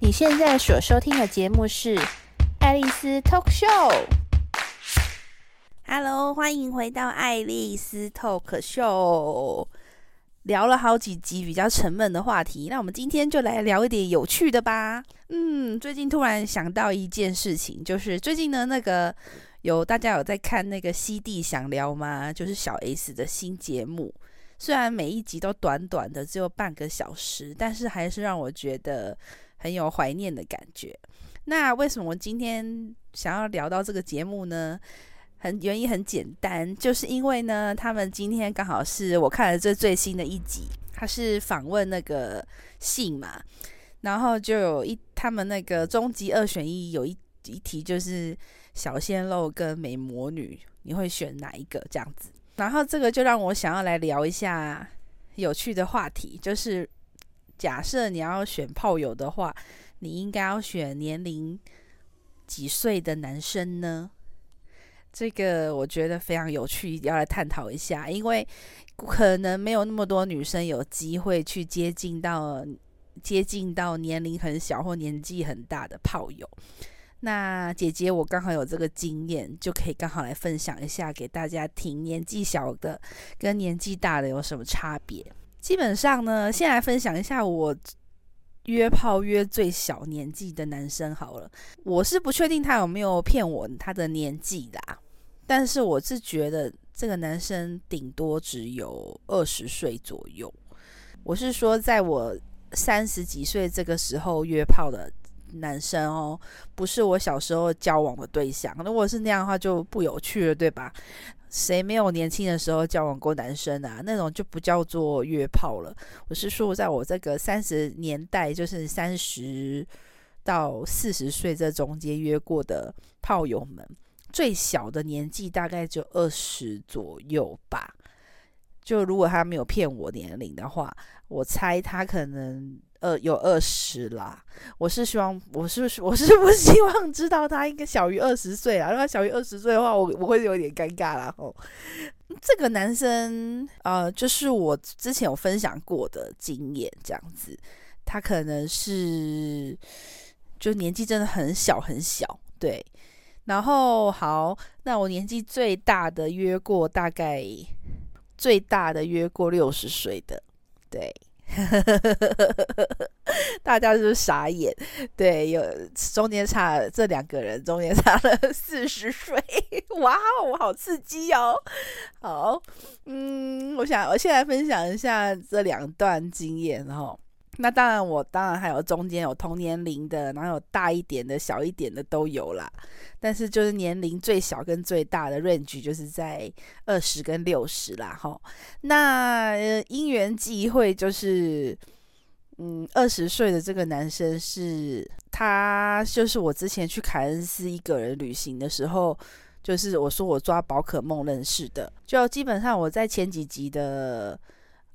你現在所收聽的節目是《愛麗絲 Talk Show》。Hello，歡迎回到《愛麗絲 Talk Show》。聊了好幾集比較沉悶的話題，那我們今天就來聊一點有趣的吧。嗯，最近突然想到一件事情，就是最近呢，那個有大家有在看那個《熙娣想聊》嗎？就是小 S 的新節目。雖然每一集都短短的只有半個小時，但是還是讓我覺得，很有懷念的感覺。那為什麼我今天想要聊到這個節目呢？很原因很簡單，就是因為呢，他們今天剛好是我看了最最新的一集，他是訪問那個信嘛，然後就有一他們那個終極二選一，有一一題就是小鮮肉跟美魔女，你會選哪一個這樣子？然後這個就讓我想要來聊一下有趣的話題，就是。假設你要選炮友的話，你應該要選年齡幾歲的男生呢？這個我覺得非常有趣，要來探討一下，因為可能沒有那麼多女生有機會去接近到接近到年齡很小或年紀很大的炮友。那姐姐，我剛好有這個經驗，就可以剛好來分享一下給大家聽，年紀小的跟年紀大的有什麼差別？基本上呢，先來分享一下我約炮約最小年紀的男生好了。我是不確定他有沒有騙我他的年紀的啊，但是我是覺得這個男生頂多只有二十歲左右。我是說，在我三十幾歲這個時候約炮的男生哦，不是我小時候交往的對象。如果是那樣的話，就不有趣了，對吧？誰沒有年輕的時候交往過男生啊？那種就不叫做約炮了。我是說，在我這個三十年代，就是三十到四十歲這中間約過的炮友們，最小的年紀大概就二十左右吧。就如果他沒有騙我年齡的話，我猜他可能。呃，有二十啦。我是希望，我是不是，我是不希望知道他應該小於二十歲啦。如果小於二十歲的話，我我會有點尷尬啦。然後這個男生，呃，就是我之前有分享過的經驗，這樣子，他可能是就年紀真的很小很小，對。然後好，那我年紀最大的約過，大概最大的約過六十歲的，對。呵呵呵呵呵呵呵，大家是不是傻眼？對，有中間差這兩個人，中間差了四十歲，哇哦，好刺激哦，好，嗯，我想，我先來分享一下這兩段經驗哦，然後。那當然我，我當然還有中間有同年齡的，然後有大一點的，小一點的都有啦。但是就是年齡最小跟最大的 range 就是在二十跟六十啦，齁。那因緣際會就是，嗯，二十歲的這個男生是，他就是我之前去凱恩斯一個人旅行的時候，就是我說我抓寶可夢認識的，就基本上我在前幾集的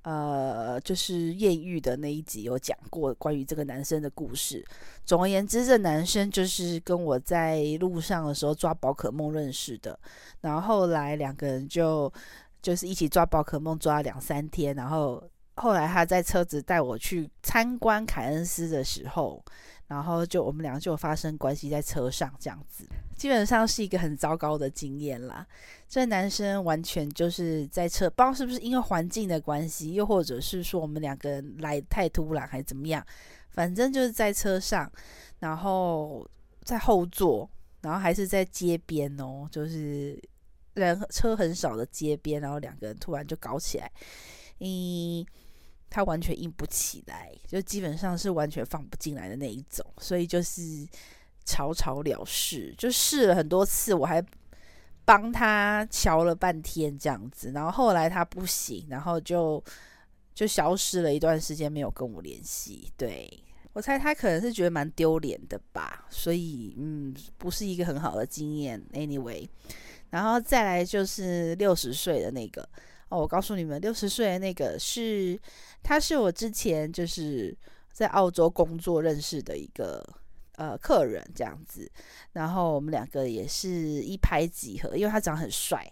呃，就是豔遇的那一集有講過關於這個男生的故事。總而言之，這男生就是跟我在路上的時候抓寶可夢認識的，然後後來兩個人就就是一起抓寶可夢抓了兩三天，然後。後來他在車子帶我去參觀凱恩斯的時候，然後就我們兩個就發生關係在車上這樣子，基本上是一個很糟糕的經驗啦。這男生完全就是在車，不知道是不是因為環境的關係，又或者是說我們兩個人來太突然還是怎麼樣，反正就是在車上，然後在後座，然後還是在街邊哦，就是人車很少的街邊，然後兩個人突然就搞起來，嗯。他完全硬不起來，就基本上是完全放不進來的那一種，所以就是草草了事，就試了很多次，我還幫他瞧了半天這樣子，然後後來他不行，然後就就消失了一段時間，沒有跟我聯繫。對。我猜他可能是覺得蠻丟臉的吧，所以嗯，不是一個很好的經驗。Anyway，然後再來就是六十歲的那個。我告訴你們，六十歲那個是，他是我之前就是在澳洲工作認識的一個呃客人這樣子，然後我們兩個也是一拍即合，因為他長得很帥，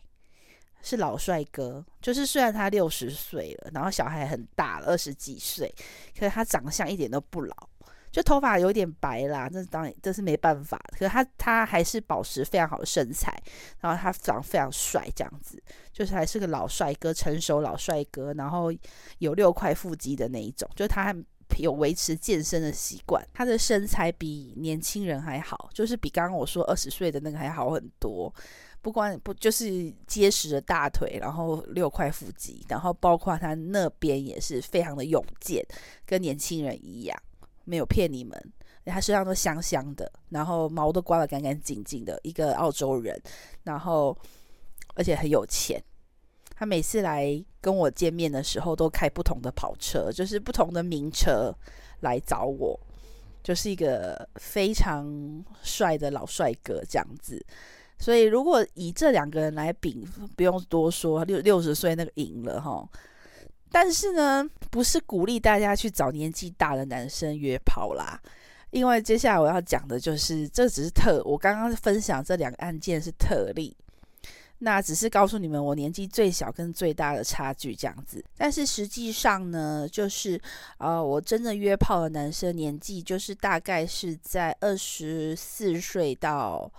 是老帥哥，就是雖然他六十歲了，然後小孩很大了，二十幾歲，可是他長相一點都不老。就頭髮有點白啦，那當然，這是沒辦法。可是他他還是保持非常好的身材，然後他長得非常帥，這樣子就是還是個老帥哥，成熟老帥哥，然後有六塊腹肌的那一種。就是他有維持健身的習慣，他的身材比年輕人還好，就是比剛剛我說二十歲的那個還好很多。不光不就是結實的大腿，然後六塊腹肌，然後包括他那邊也是非常的勇健，跟年輕人一樣。沒有騙你們，他身上都香香的，然後毛都刮得乾乾淨淨的，一個澳洲人，然後而且很有錢。他每次來跟我見面的時候，都開不同的跑車，就是不同的名車來找我，就是一個非常帥的老帥哥這樣子。所以如果以這兩個人來比，不用多說，六六十歲那個贏了哈。但是呢，不是鼓勵大家去找年紀大的男生約炮啦。因為，接下來我要講的就是，這只是特，我剛剛分享這兩個案件是特例，那只是告訴你們我年紀最小跟最大的差距這樣子。但是實際上呢，就是啊、呃，我真的約炮的男生年紀就是大概是在二十四歲到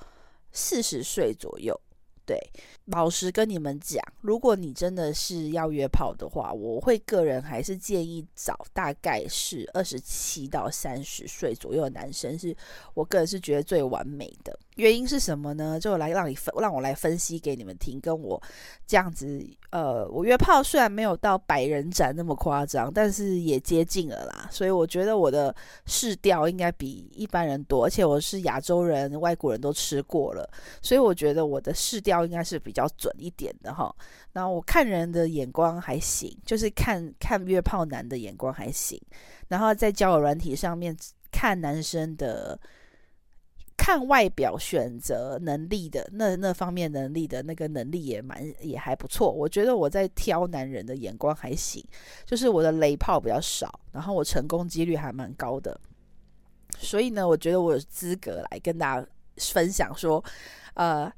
四十歲左右。對，老實跟你們講，如果你真的是要約炮的話，我會個人還是建議找大概是二十七到三十歲左右的男生，是我個人是覺得最完美的。原因是什麼呢？就來讓你分，讓我來分析給你們聽。跟我這樣子，呃，我約炮雖然沒有到百人斬那麼誇張，但是也接近了啦。所以我覺得我的試調應該比一般人多，而且我是亞洲人，外國人都吃過了，所以我覺得我的試調。教應該是比較準一點的哈。然後我看人的眼光還行，就是看看約炮男的眼光還行。然後在交友軟體上面看男生的看外表選擇能力的那那方面能力的那個能力也蠻也還不錯。我覺得我在挑男人的眼光還行，就是我的雷炮比較少，然後我成功幾率還蠻高的。所以呢，我覺得我有資格來跟大家分享說，呃。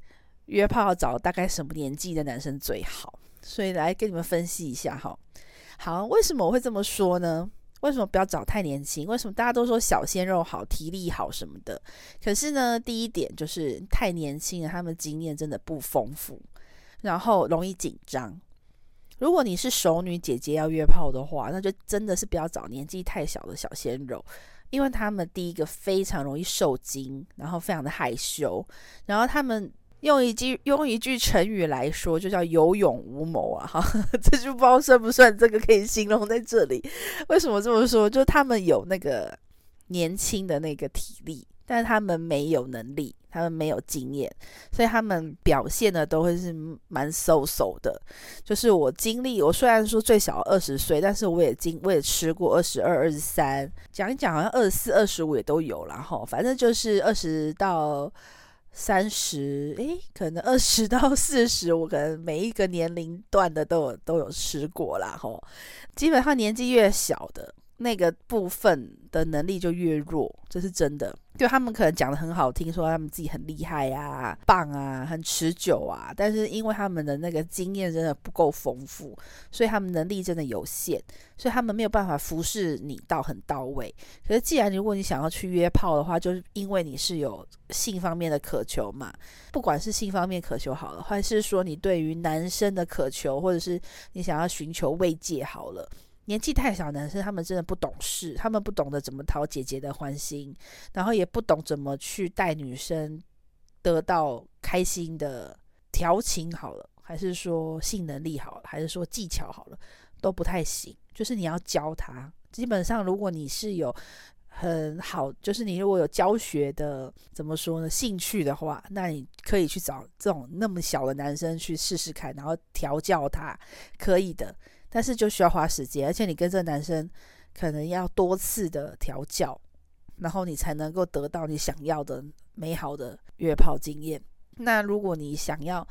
約炮找大概什麼年紀的男生最好？所以來跟你們分析一下哈。好，為什麼我會這麼說呢？為什麼不要找太年輕？為什麼大家都說小鮮肉好，體力好什麼的？可是呢，第一點就是太年輕了，他們經驗真的不豐富，然後容易緊張。如果你是熟女姐姐要約炮的話，那就真的是不要找年紀太小的小鮮肉，因為他們第一個非常容易受驚，然後非常的害羞，然後他們。用一句用一句成語來說，就叫有勇無謀啊！哈，這句不知道算不算這個可以形容在這裡？為什麼這麼說？就他們有那個年輕的那個體力，但是他們沒有能力，他們沒有經驗，所以他們表現的都會是蠻 so so 的。就是我經歷，我雖然說最小二十歲，但是我也經我也吃過二十二、二十三，講一講好像二十四、二十五也都有，然後反正就是二十到。三十，欸，可能二十到四十，我可能每一個年齡段的都有，都有吃過啦，吼，基本上年紀越小的，那個部分的能力就越弱，這是真的。就他們可能講得很好聽，說，說他們自己很厲害啊、棒啊、很持久啊，但是因為他們的那個經驗真的不夠豐富，所以他們能力真的有限，所以他們沒有辦法服侍你到很到位。可是既然如果你想要去約炮的話，就是因為你是有性方面的渴求嘛，不管是性方面渴求好了，還是說你對於男生的渴求，或者是你想要尋求慰藉好了。年紀太小的男生，他們真的不懂事，他們不懂得怎麼討姐姐的歡心，然後也不懂怎麼去帶女生得到開心的調情好了，還是說性能力好了，還是說技巧好了，都不太行。就是你要教他，基本上如果你是有很好，就是你如果有教學的，怎麼說呢，興趣的話，那你可以去找這種那麼小的男生去試試看，然後調教他，可以的。但是就需要花時間，而且你跟這男生可能要多次的調教，然後你才能夠得到你想要的美好的約炮經驗。那如果你想要，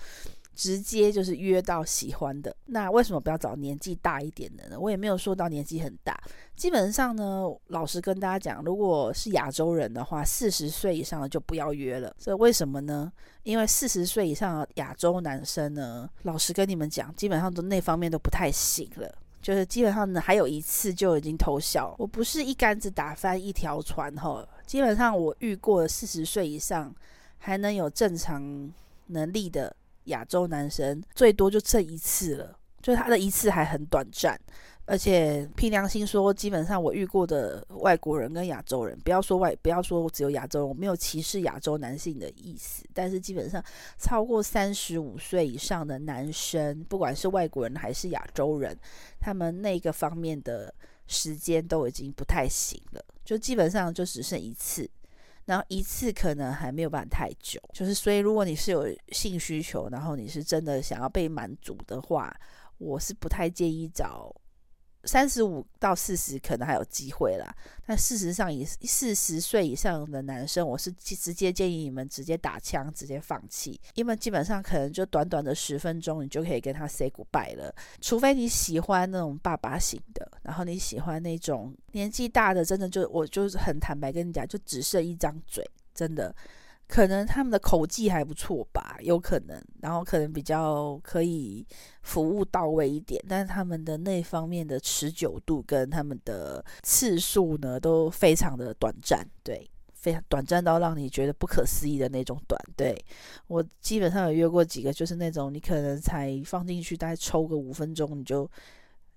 直接就是約到喜歡的，那為什麼不要找年紀大一點的呢？我也沒有說到年紀很大，基本上呢，老實跟大家講，如果是亞洲人的話，四十歲以上的就不要約了。這為什麼呢？因為四十歲以上的亞洲男生呢，老實跟你們講，基本上都那方面都不太行了，就是基本上呢，還有一次就已經偷笑。我不是一竿子打翻一條船哈，基本上我遇過四十歲以上還能有正常能力的。亞洲男生最多就這一次了，就是他的一次還很短暫，而且憑良心說，基本上我遇過的外國人跟亞洲人，不要說外，不要說我只有亞洲，我沒有歧視亞洲男性的意思，但是基本上超過三十五歲以上的男生，不管是外國人還是亞洲人，他們那個方面的時間都已經不太行了，就基本上就只剩一次。然後一次可能還沒有辦太久，就是所以如果你是有性需求，然後你是真的想要被滿足的話，我是不太建議找。三十五到四十可能還有機會啦。但事實上以四十歲以上的男生，我是直接建議你們直接打槍，直接放棄，因為基本上可能就短短的十分鐘，你就可以跟他 say goodbye 了。除非你喜歡那種爸爸型的，然後你喜歡那種年紀大的，真的就我就是很坦白跟你講，就只剩一張嘴，真的。可能他們的口技還不錯吧，有可能，然後可能比較可以服務到位一點，但是他們的那方面的持久度跟他們的次數呢，都非常的短暫，對，非常短暫到讓你覺得不可思議的那種短，對。我基本上有約過幾個，就是那種你可能才放進去，大概抽個五分鐘，你就。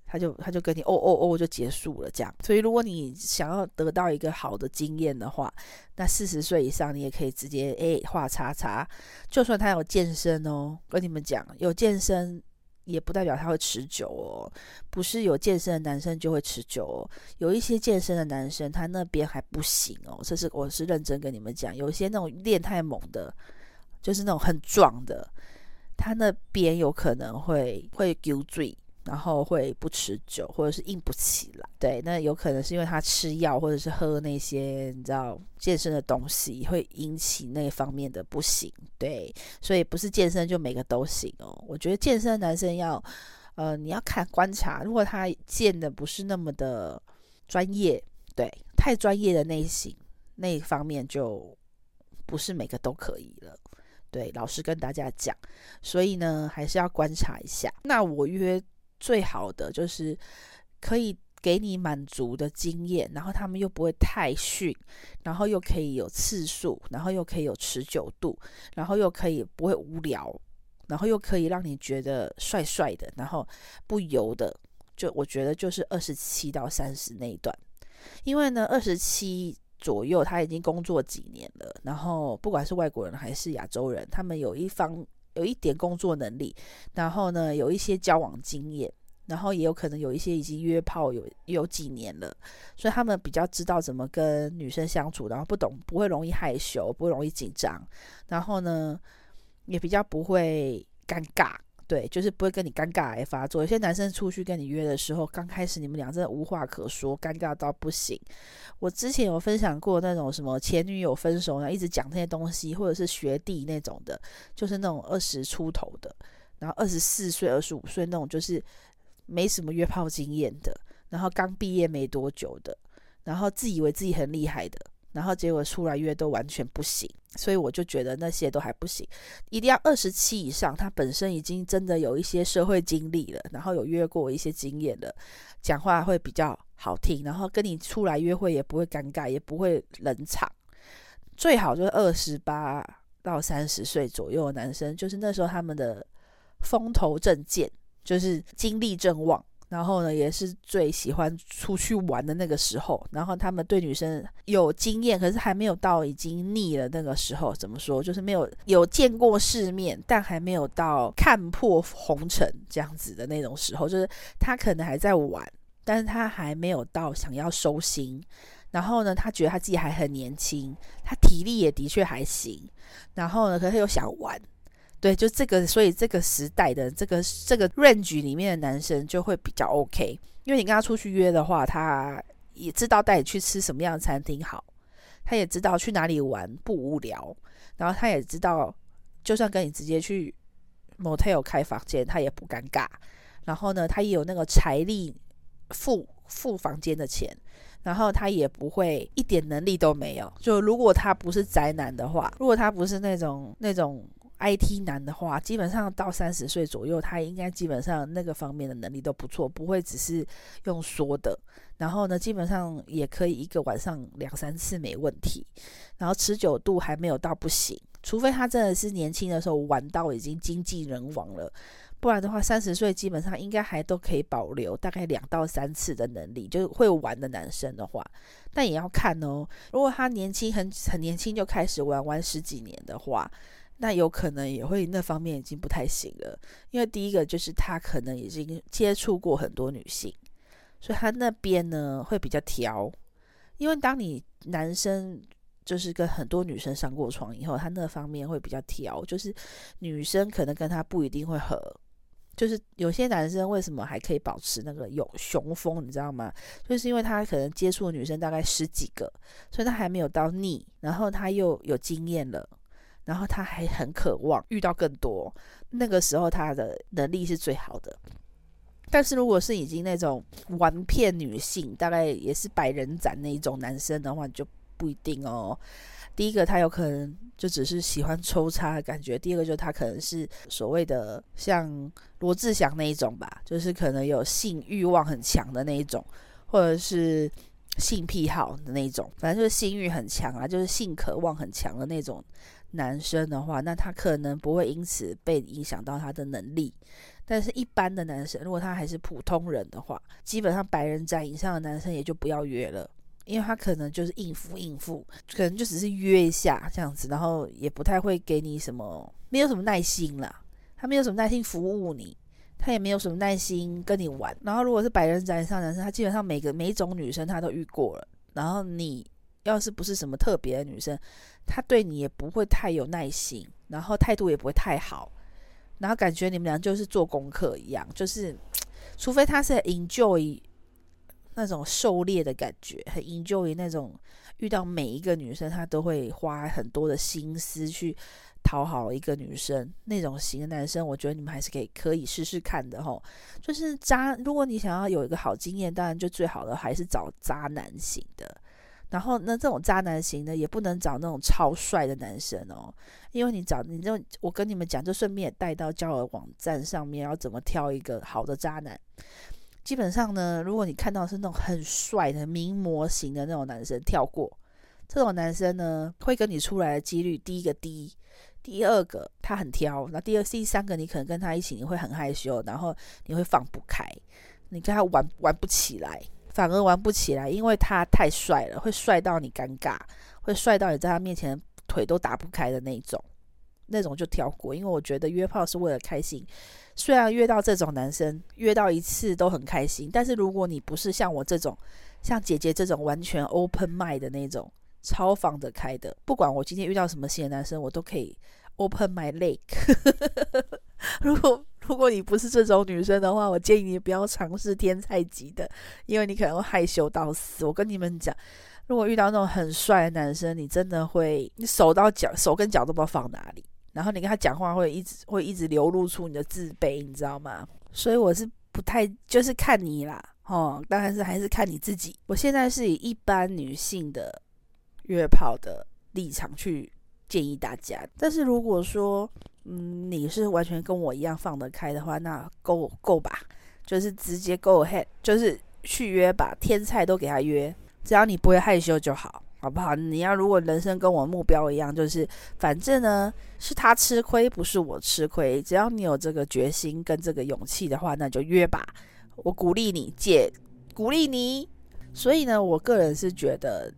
他就他就跟你哦哦哦就結束了這樣，所以如果你想要得到一個好的經驗的話，那四十歲以上你也可以直接誒畫、欸、叉叉。就算他有健身哦，跟你們講，有健身也不代表他會持久哦，不是有健身的男生就會持久哦。有一些健身的男生他那邊還不行哦，這是我是認真跟你們講，有些那種練太猛的，就是那種很壯的，他那邊有可能會會丟醉。然後會不持久，或者是硬不起來。對，那有可能是因為他吃藥，或者是喝那些你知道健身的東西，會引起那方面的不行。對，所以不是健身就每個都行哦。我覺得健身男生要，呃，你要看觀察，如果他健的不是那麼的專業，對，太專業的類型那方面就不是每個都可以了。對，老實跟大家講，所以呢還是要觀察一下。那我約。最好的就是可以給你滿足的經驗，然後他們又不會太遜，然後又可以有次數，然後又可以有持久度，然後又可以不會無聊，然後又可以讓你覺得帥帥的，然後不油的，就我覺得就是二十七到三十那一段，因為呢，二十七左右他已經工作幾年了，然後不管是外國人還是亞洲人，他們有一方。有一點工作能力，然後呢，有一些交往經驗，然後也有可能有一些已經約炮有有幾年了，所以他們比較知道怎麼跟女生相處，然後不懂不會容易害羞，不會容易緊張，然後呢，也比較不會尷尬。對，就是不會跟你尷尬癌發作。有些男生出去跟你約的時候，剛開始你們倆真的無話可說，尷尬到不行。我之前有分享過那種什麼前女友分手，然後一直講那些東西，或者是學弟那種的，就是那種二十出頭的，然後二十四歲、二十五歲那種，就是沒什麼約炮經驗的，然後剛畢業沒多久的，然後自以為自己很厲害的。然後結果出來約都完全不行，所以我就覺得那些都還不行，一定要二十七以上，他本身已經真的有一些社會經歷了，然後有約過一些經驗了，講話會比較好聽，然後跟你出來約會也不會尷尬，也不會冷場。最好就是二十八到三十歲左右的男生，就是那時候他們的風頭正勁，就是精力正旺。然後呢，也是最喜歡出去玩的那個時候。然後他們對女生有經驗，可是還沒有到已經膩了那個時候。怎麼說？就是沒有有見過世面，但還沒有到看破紅塵這樣子的那種時候。就是他可能還在玩，但是他還沒有到想要收心。然後呢，他覺得他自己還很年輕，他體力也的確還行。然後呢，可是又想玩。對，就這個，所以這個時代的這個這個 range 裡面的男生就會比較 OK，因為你跟他出去約的話，他也知道帶你去吃什麼樣的餐廳好，他也知道去哪裡玩不無聊，然後他也知道，就算跟你直接去 motel 開房間，他也不尷尬。然後呢，他也有那個財力付付房間的錢，然後他也不會一點能力都沒有。就如果他不是宅男的話，如果他不是那種那種。IT 男的話，基本上到三十歲左右，他應該基本上那個方面的能力都不錯，不會只是用說的。然後呢，基本上也可以一個晚上兩三次沒問題，然後持久度還沒有到不行，除非他真的是年輕的時候玩到已經精盡人亡了，不然的話，三十歲基本上應該還都可以保留大概兩到三次的能力，就會玩的男生的話，但也要看哦。如果他年輕很很年輕就開始玩，玩十幾年的話。那有可能也會那方面已經不太行了，因為第一個就是他可能已經接觸過很多女性，所以他那邊呢會比較挑。因為當你男生就是跟很多女生上過床以後，他那方面會比較挑，就是女生可能跟他不一定會合。就是有些男生為什麼還可以保持那個有雄風，你知道嗎？就是因為他可能接觸的女生大概十幾個，所以他還沒有到膩，然後他又有經驗了。然後他還很渴望遇到更多，那個時候他的能力是最好的。但是如果是已經那種玩騙女性，大概也是百人斬那一種男生的話，就不一定哦。第一個他有可能就只是喜歡抽插的感覺，第二個就是他可能是所謂的像羅志祥那一種吧，就是可能有性慾望很強的那一種，或者是性癖好的那一種，反正就是性慾很強啊，就是性渴望很強的那一種。男生的話，那他可能不會因此被影響到他的能力。但是一般的男生，如果他還是普通人的話，基本上百人斬以上的男生也就不要約了，因為他可能就是應付應付，可能就只是約一下這樣子，然後也不太會給你什麼，沒有什麼耐心啦，他沒有什麼耐心服務你，他也沒有什麼耐心跟你玩。然後如果是百人斬以上的男生，他基本上每個每一種女生他都遇過了，然後你，要是不是什麼特別的女生，他對你也不會太有耐心，然後態度也不會太好，然後感覺你們倆就是做功課一樣，就是除非他是很 enjoy 那種狩獵的感覺，很 enjoy 那種遇到每一個女生他都會花很多的心思去討好一個女生那種型的男生，我覺得你們還是可以可以試試看的哦。就是渣。如果你想要有一個好經驗，當然就最好的還是找渣男型的。然後那這種渣男型的也不能找那種超帥的男生哦，因為你找你就，種，我跟你們講，就順便帶到交友網站上面，要怎麼挑一個好的渣男。基本上呢，如果你看到是那種很帥的名模型的那種男生，跳過。這種男生呢，會跟你出來的幾率第一個低，第二個他很挑，那第二第三個你可能跟他一起你會很害羞，然後你會放不開，你跟他玩玩不起來。反而玩不起來，因為他太帥了，會帥到你尷尬，會帥到你在他面前腿都打不開的那種，那種就跳過。因為我覺得約炮是為了開心，雖然約到這種男生，約到一次都很開心，但是如果你不是像我這種，像姐姐這種完全 open mind 的那種，超放得開的，不管我今天遇到什麼新的男生，我都可以 open my leg。 如果如果你不是這種女生的話，我建議你不要嘗試天菜級的，因為你可能會害羞到死。我跟你們講，如果遇到那種很帥的男生，你真的會，你手到腳手跟腳都不知道放哪裡，然後你跟他講話會一直會一直流露出你的自卑，你知道嗎？所以我是不太就是看你啦，哦，當然是還是看你自己。我現在是以一般女性的約炮的立場去建議大家，但是如果說。嗯，你是完全跟我一樣放得開的話，那 go go 吧，就是直接 go ahead，就是去約吧，天菜都給他約，只要你不會害羞就好，好不好？你要如果人生跟我目標一樣，就是反正呢是他吃虧，不是我吃虧，只要你有這個決心跟這個勇氣的話，那就約吧，我鼓勵你，姐，鼓勵你。所以呢，我個人是覺得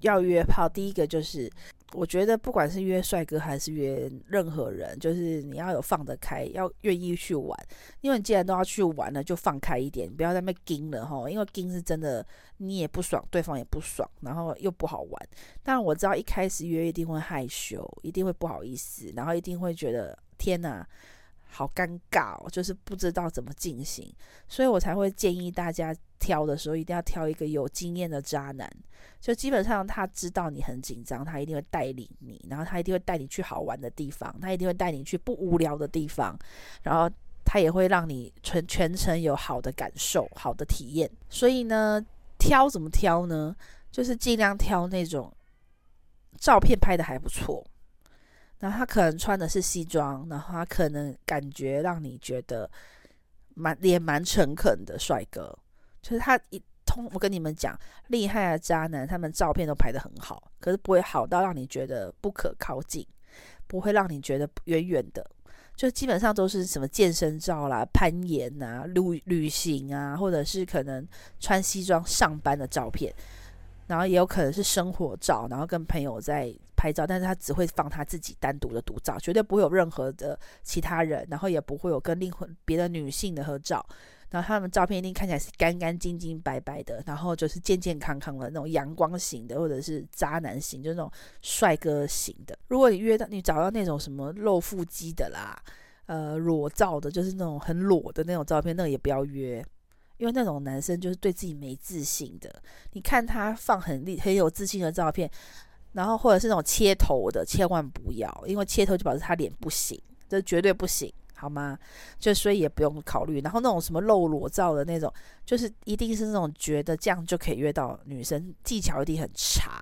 要約炮，第一個就是。我覺得不管是約帥哥還是約任何人，就是你要有放得開，要願意去玩。因為你既然都要去玩了，就放開一點，不要再被禁了吼，因為禁是真的，你也不爽，對方也不爽，然後又不好玩。但我知道一開始約一定會害羞，一定會不好意思，然後一定會覺得天哪。好尷尬哦，就是不知道怎麼進行，所以我才會建議大家挑的時候一定要挑一個有經驗的渣男，就基本上他知道你很緊張，他一定會帶領你，然後他一定會帶你去好玩的地方，他一定會帶你去不無聊的地方，然後他也會讓你全全程有好的感受、好的體驗。所以呢，挑怎麼挑呢？就是盡量挑那種照片拍得還不錯，然後他可能穿的是西裝，然後他可能感覺讓你覺得蠻也蠻誠懇的帥哥。就是他一通，我跟你們講，厲害的渣男，他們照片都拍得很好，可是不會好到讓你覺得不可靠近，不會讓你覺得遠遠的。就基本上都是什麼健身照啦、攀岩啊、旅旅行啊，或者是可能穿西裝上班的照片。然後也有可能是生活照，然後跟朋友在拍照，但是他只會放他自己單獨的獨照，絕對不會有任何的其他人，然後也不會有跟另外別的女性的合照，然後他們照片一定看起來是乾乾淨淨白白的，然後就是健健康康的那種陽光型的，或者是渣男型，就是那種帥哥型的。如果你約到你找到那種什麼露腹肌的啦，呃，裸照的，就是那種很裸的那種照片，那個也不要約。因為那種男生就是對自己沒自信的，你看他放很厲很有自信的照片，然後或者是那種切頭的，千萬不要，因為切頭就表示他臉不行，這絕對不行，好嗎？就所以也不用考慮。然後那種什麼露裸照的那種，就是一定是那種覺得這樣就可以約到女生，技巧一定很差，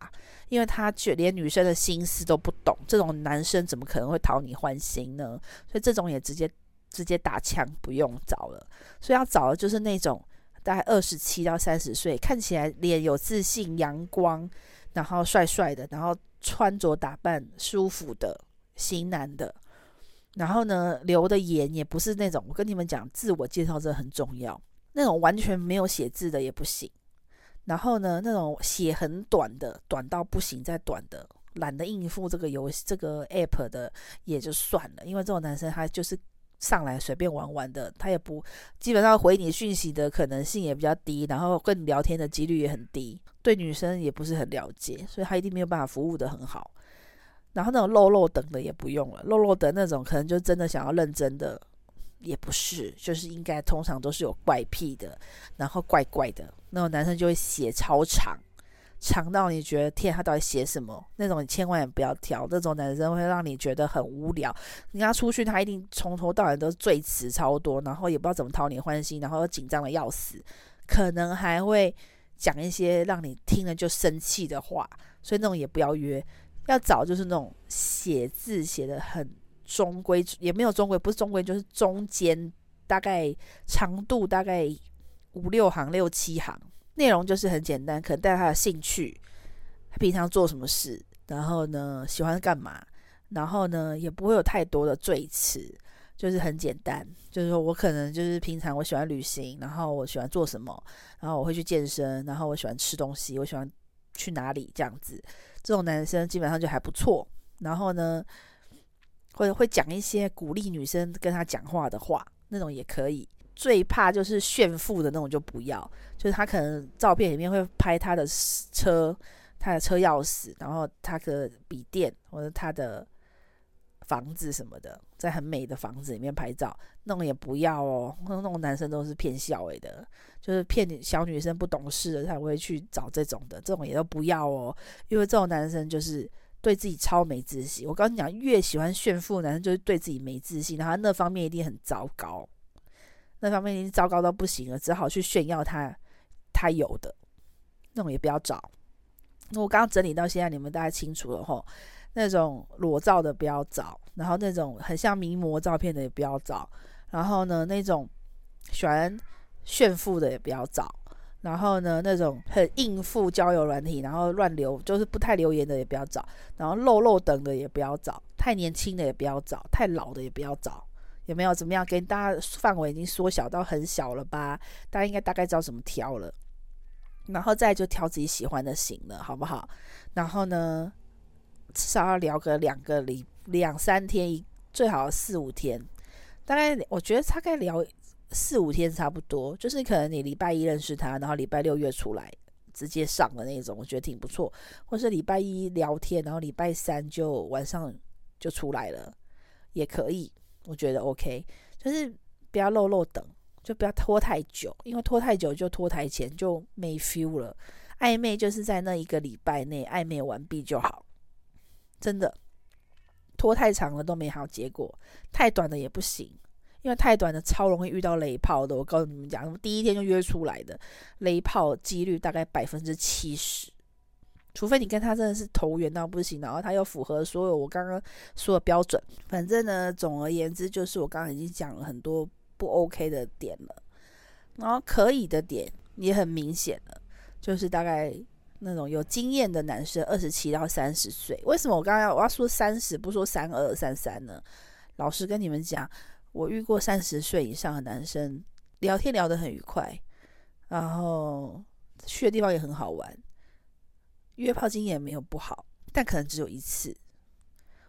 因為他就連女生的心思都不懂，這種男生怎麼可能會討你歡心呢？所以這種也直接。直接打槍，不用找了，所以要找的就是那種大概二十七到三十歲，看起來臉有自信、陽光，然後帥帥的，然後穿着打扮舒服的型男的。然後呢，留的言也不是那種，我跟你們講，自我介紹這很重要，那種完全沒有寫字的也不行。然後呢，那種寫很短的，短到不行再短的，懶得應付這個遊戲這個 app 的也就算了，因為這種男生他就是。上來隨便玩玩的，他也不，基本上回你訊息的可能性也比較低，然後跟你聊天的幾率也很低，對女生也不是很了解，所以他一定沒有辦法服務的很好。然後那種肉肉等的也不用了，肉肉等那種可能就真的想要認真的，也不是，就是應該通常都是有怪癖的，然後怪怪的，那種男生就會寫超長。長到你覺得天，他到底寫什麼？那種你千萬也不要挑，那種男生會讓你覺得很無聊。你跟他出去，他一定從頭到尾都是贅詞超多，然後也不知道怎麼討你歡心，然後又緊張的要死，可能還會講一些讓你聽了就生氣的話。所以那種也不要約，要找就是那種寫字寫得很中規，也沒有中規，不是中規，就是中間大概長度大概五六行六七行。內容就是很簡單，可能帶他的興趣，他平常做什麼事，然後呢喜歡幹嘛，然後呢也不會有太多的贅詞，就是很簡單，就是說我可能就是平常我喜歡旅行，然後我喜歡做什麼，然後我會去健身，然後我喜歡吃東西，我喜歡去哪裡這樣子，這種男生基本上就還不錯，然後呢或者會，會講一些鼓勵女生跟他講話的話，那種也可以。最怕就是炫富的那種就不要，就是他可能照片裡面會拍他的車、他的車鑰匙，然後他的筆電或者他的房子什麼的，在很美的房子裡面拍照，那種也不要哦。那那種男生都是騙小妹的，就是騙小女生不懂事的才會去找這種的，這種也都不要哦，因為這種男生就是對自己超沒自信。我跟你講，越喜歡炫富的男生就是對自己沒自信，然後那方面一定很糟糕。那方面已經糟糕到不行了，只好去炫耀他他有的那種也不要找。那我剛整理到現在，你們大家清楚了吼。那種裸照的不要找，然後那種很像名模照片的也不要找，然後呢那種喜歡炫富的也不要找，然後呢那種很應付交友軟體，然後亂留就是不太留言的也不要找，然後漏漏等的也不要找，太年輕的也不要找，太老的也不要找。有沒有怎麼樣？跟大家範圍已經縮小到很小了吧？大家應該大概知道怎麼挑了，然後再就挑自己喜歡的型了，好不好？然後呢，至少要聊個兩個禮兩三天，一最好四五天。大概我覺得，大概聊四五天差不多。就是可能你禮拜一認識他，然後禮拜六約出來直接上的那種，我覺得挺不錯。或是禮拜一聊天，然後禮拜三就晚上就出來了，也可以。我覺得 OK，就是不要漏漏等，就不要拖太久，因為拖太久就拖太前就沒 feel 了。曖昧就是在那一個禮拜內曖昧完畢就好，真的拖太長了都沒好結果，太短的也不行，因為太短的超容易遇到雷炮的。我告訴你們講，第一天就約出來的雷炮幾率大概百分之七十。除非你跟他真的是投緣到不行，然後他又符合所有我剛剛說的標準。反正呢，總而言之，就是我剛剛已經講了很多不 OK 的點了。然後可以的點也很明顯了，就是大概那種有經驗的男生，二十七到三十歲。為什麼我剛剛要我要說三十，不說三二三三呢？老實跟你們講，我遇過三十歲以上的男生，聊天聊得很愉快，然後去的地方也很好玩。約炮經驗沒有不好，但可能只有一次。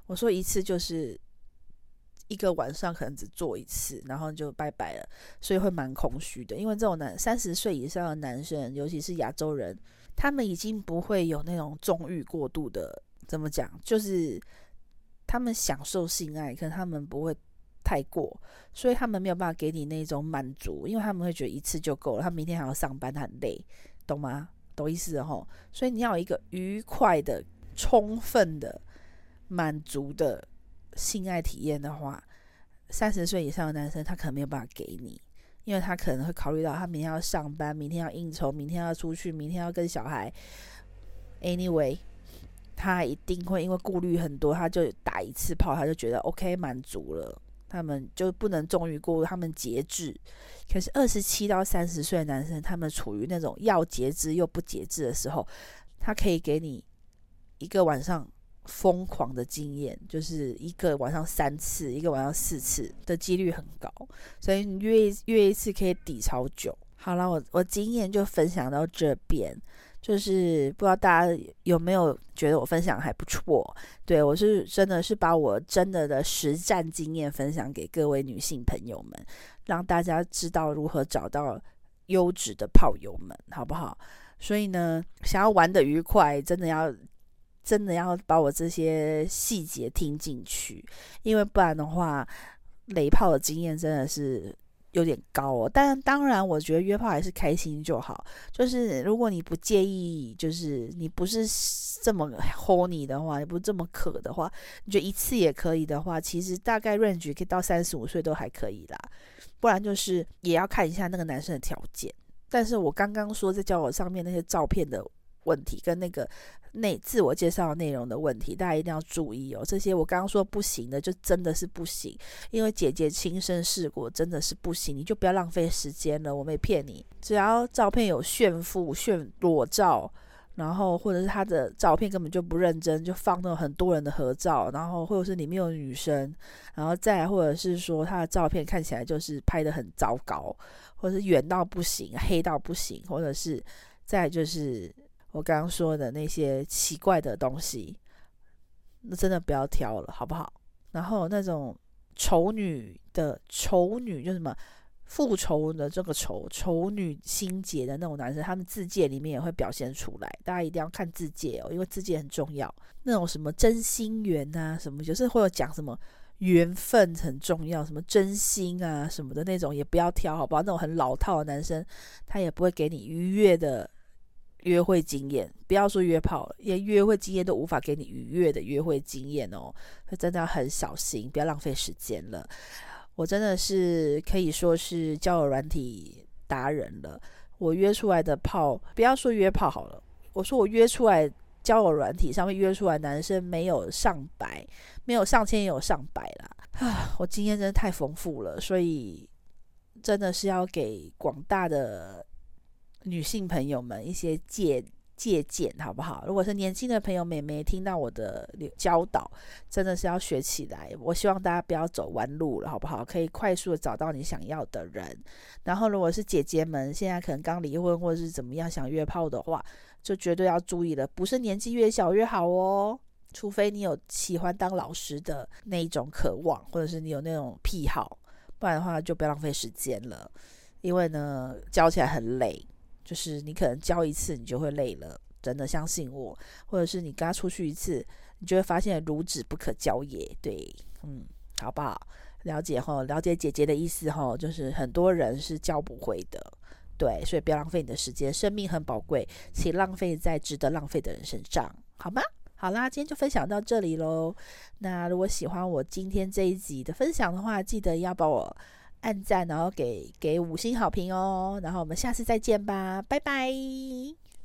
我說一次就是一個晚上，可能只做一次，然後就拜拜了，所以會蠻空虛的。因為這種男三十歲以上的男生，尤其是亞洲人，他們已經不會有那種縱慾過度的。怎麼講？就是他們享受性愛，可是他們不會太過，所以他們沒有辦法給你那種滿足，因為他們會覺得一次就夠了。他明天還要上班，很累，懂嗎？懂意思吼，所以你要有一個愉快的、充分的、滿足的性愛體驗的話，三十歲以上的男生他可能沒有辦法給你，因為他可能會考慮到他明天要上班，明天要應酬，明天要出去，明天要跟小孩。Anyway，他一定會因為顧慮很多，他就打一次炮，他就覺得 OK 滿足了。他們就不能忠於過，他們節制。可是二十七到三十歲的男生，他們處於那種要節制又不節制的時候，他可以給你一個晚上瘋狂的經驗，就是一個晚上三次，一個晚上四次的幾率很高。所以你約一約一次可以抵超久。好啦，我我經驗就分享到這邊。就是不知道大家有沒有覺得我分享還不錯？對，我是真的是把我真的的實戰經驗分享給各位女性朋友們，讓大家知道如何找到優質的炮友們，好不好？所以呢，想要玩得愉快，真的要真的要把我這些細節聽進去，因為不然的話，雷炮的經驗真的是。有點高哦，但當然，我覺得約炮還是開心就好。就是如果你不介意，就是你不是這麼 horny 的話，你不是這麼渴的話，你覺得一次也可以的話，其實大概 range 可以到三十五歲都還可以啦。不然就是也要看一下那個男生的條件。但是我剛剛說在交友上面那些照片的問題跟那個內自我介紹內容的問題，大家一定要注意哦。這些我剛剛說不行的，就真的是不行，因為姐姐親身試過，真的是不行。你就不要浪費時間了，我沒騙你。只要照片有炫富、炫裸照，然後或者是他的照片根本就不認真，就放那種很多人的合照，然後或者是裡面有女生，然後再或者是說他的照片看起來就是拍得很糟糕，或者是遠到不行、黑到不行，或者是再就是。我剛剛說的那些奇怪的東西，那真的不要挑了，好不好？然後那種仇女的仇女，就什麼復仇的這個仇，仇女心結的那種男生，他們自介裡面也會表現出來，大家一定要看自介哦，因為自介很重要。那種什麼真心緣啊，什麼就是會有講什麼緣分很重要，什麼真心啊什麼的那種，也不要挑，好不好？那種很老套的男生，他也不會給你愉悅的。約會經驗，不要說約炮，連約會經驗都無法給你愉悅的約會經驗哦，真的要很小心，不要浪費時間了。我真的是可以說是交友軟體達人了，我約出來的炮，不要說約炮好了，我說我約出來交友軟體上面約出來男生沒有上百，沒有上千也有上百啦，啊，我經驗真的太豐富了，所以真的是要給廣大的。女性朋友們一些借借鑒，好不好？如果是年輕的朋友，妹妹聽到我的教導，真的是要學起來。我希望大家不要走彎路了，好不好？可以快速地找到你想要的人。然後，如果是姐姐們，現在可能剛離婚或者是怎麼樣，想約炮的話，就絕對要注意了。不是年紀越小越好哦，除非你有喜歡當老師的那一種渴望，或者是你有那種癖好，不然的話就不要浪費時間了，因為呢，教起來很累。就是你可能教一次，你就會累了，真的相信我。或者是你跟他出去一次，你就會發現孺子不可教也。對，嗯，好不好？了解吼，了解姐姐的意思吼，就是很多人是教不會的。對，所以不要浪費你的時間，生命很寶貴，請浪費在值得浪費的人身上，好嗎？好啦，今天就分享到這裡嘍。那如果喜歡我今天這一集的分享的話，記得要幫我。按讚，然後給給五星好評哦，然後我們下次再見吧，拜拜。